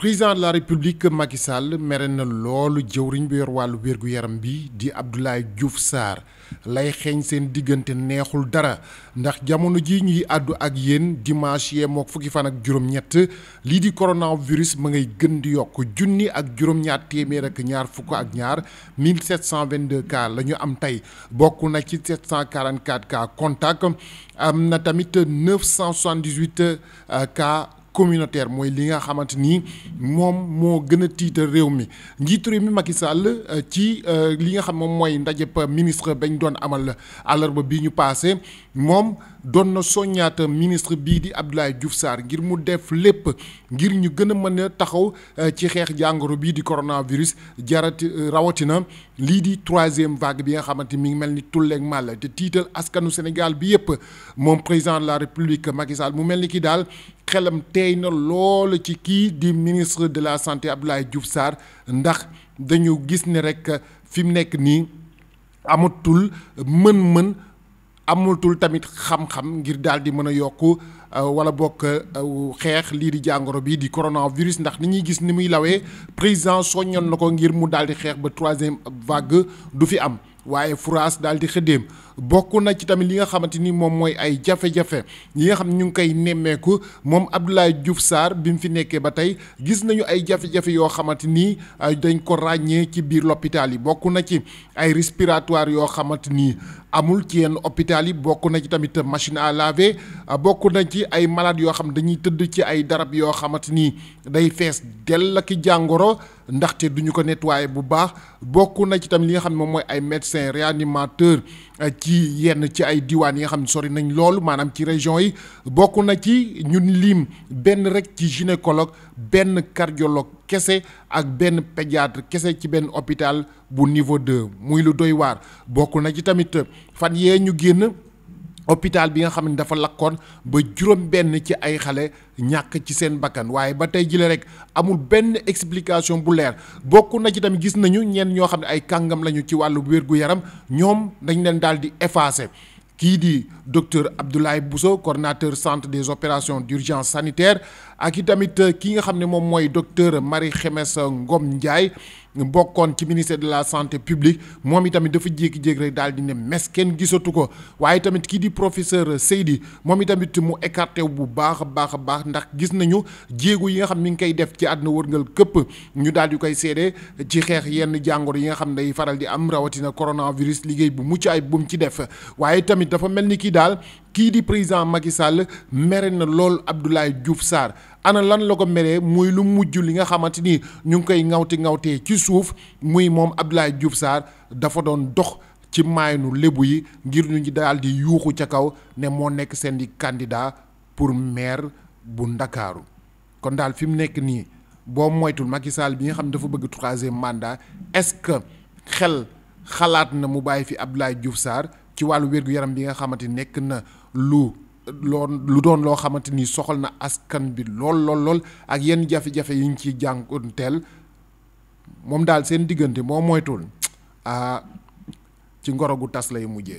président de la république Macky Sall mere na loolu jëwriñ bi yor wàllu wér yaram bi di Abdoulaye Diouf Sarr lay xeeñ seen diggante neexul dara ndax jamono ji ñuy àddu ak yéen dimanche yee mook fukki fan ak juróom-ñett lii di coronavirus ma ngay gën di yokk junni ak juróom-ñaar téeméer ak ñaar fukk ak ñaar 1722 cas la ñu am tey bokk na ci 744 cas contact am na tamit 978 communautaire mooy li nga xamante ni moom moo gën a tiital réew mi njiitu réew mi Macky Sall euh, ci euh, li nga xam moom mooy ndajëb ministre bañ doon amal àllarba bi ñu paase moom doon na soññaata ministre bii di Abdoulaye Diouf Sarr ngir mu def lépp ngir ñu gën a mën a taxaw euh, ci xeex jàngoro bii di coronavirus jarati rawatina lii di troisième vague bi nga xamante mi ngi mel ni tulleeg màll te tiital askanu Sénégal bi yëpp moom président de la République Macky mu mel ni ki daal xelam teey na loolu ci kii di ministre de la santé Abdoulaye Diouf Sarr ndax dañu gis ni rek fi mu nekk nii amatul mën-mën amatul tamit xam-xam ngir daal di mën a yokk euh, wala bokk euh, xeex lii di jàngoro bi di coronavirus ndax ni ñuy gis ni muy lawee président soññoon na ko ngir mu daal di xeex ba troisième vague du fi am. waaye France daal di xëddeem bokk na ci tamit li nga xamante ni moom mooy ay jafe-jafe yi nga xam ñu ngi koy nemmeeku moom Abdoulaye Diouf saar bi mu fi nekkee ba tey gis nañu ay jafe-jafe yoo xamante ni dañ ko ràññee ci biir l'hôpital yi bokk na ci ay respiratoire yoo xamante nii amul ci yenn hôpital yi bokk na ci tamit machine à laver bokk na ci ay malades yoo xam ne dañuy tëdd ci ay darab yoo xamante ni day fees dell ak jàngoro ndaxte duñu ñu ko nettoyer bu baax bokk na ci tamit li nga xam ne moom mooy ay médecins réanimateur ci yenn ci ay diwaan yi nga xam ne sori nañ loolu maanaam ci région yi bokk na ci ñun liim benn rek ci gynécologue benn cardiologue kese ak benn pédiatre kese ci benn hôpital bu niveau de muy lu doy waar bokk na ci tamit. fan yee ñu génn hôpital bi nga xam ne dafa lakkoon ba juróom benn ci ay xale ñàkk ci seen bakkan waaye ba tey jile rek amul benn explication bu leer bokk na ci tamit gis nañu ñenn ñoo xam ne ay kàngam lañu ci wàllu wér-gu-yaram ñoom dañ leen daal di effacer. kii di docteur Abdoulaye Bousso coordonnateur centre des opérations d'urgence sanitaire ak i tamit ki nga xam ne moom mooy docteur Marie Khemesse Ngom Ndiaye bokkoon ci ministère de la santé publique moom itamit dafa jékki-jékki rek daal di ne mes kenn gisatu ko waaye tamit kii di professeur Seydi moom itamit mu écarté bu baax a baax a baax ndax gis nañu jéego yi nga xam mi ngi koy def ci àdduna wërngal këpp ñu daal di koy seede ci xeex yenn jàngoro yi nga xam day faral di am rawatina coronavirus liggéey bu mucc ay bu ci def waaye tamit dafa mel ni kii daal kii di président Macky Sall mere na lool Abdoulaye Diouf saar ana lan la ko meree muy lu mujj li nga xamante ni ñu ngi koy ŋawti ŋawtee ci suuf muy moom Abdoulaye Diouf Sarr dafa doon dox ci maaynu lébu yi ngir ñu ngi daal di yuuxu ca kaw ne moo nekk seen di candidat pour maire bu Ndakaaru kon daal fi mu nekk nii boo moytul Macky Sall bi nga xam ne dafa bëgg troisième mandat est-ce que xel xalaat na mu bàyyi fi Abdoulaye Diouf saar ci wàll wér-gu-yaram bi nga xamante nekk na lu loon lu doon loo xamante ni soxal na askan bi lool lool lool ak yenn jafe-jafe yi ñu ciy jànkuwanteel moom daal seen diggante moo moytuwul ah ci ngoro gu tas lay mujje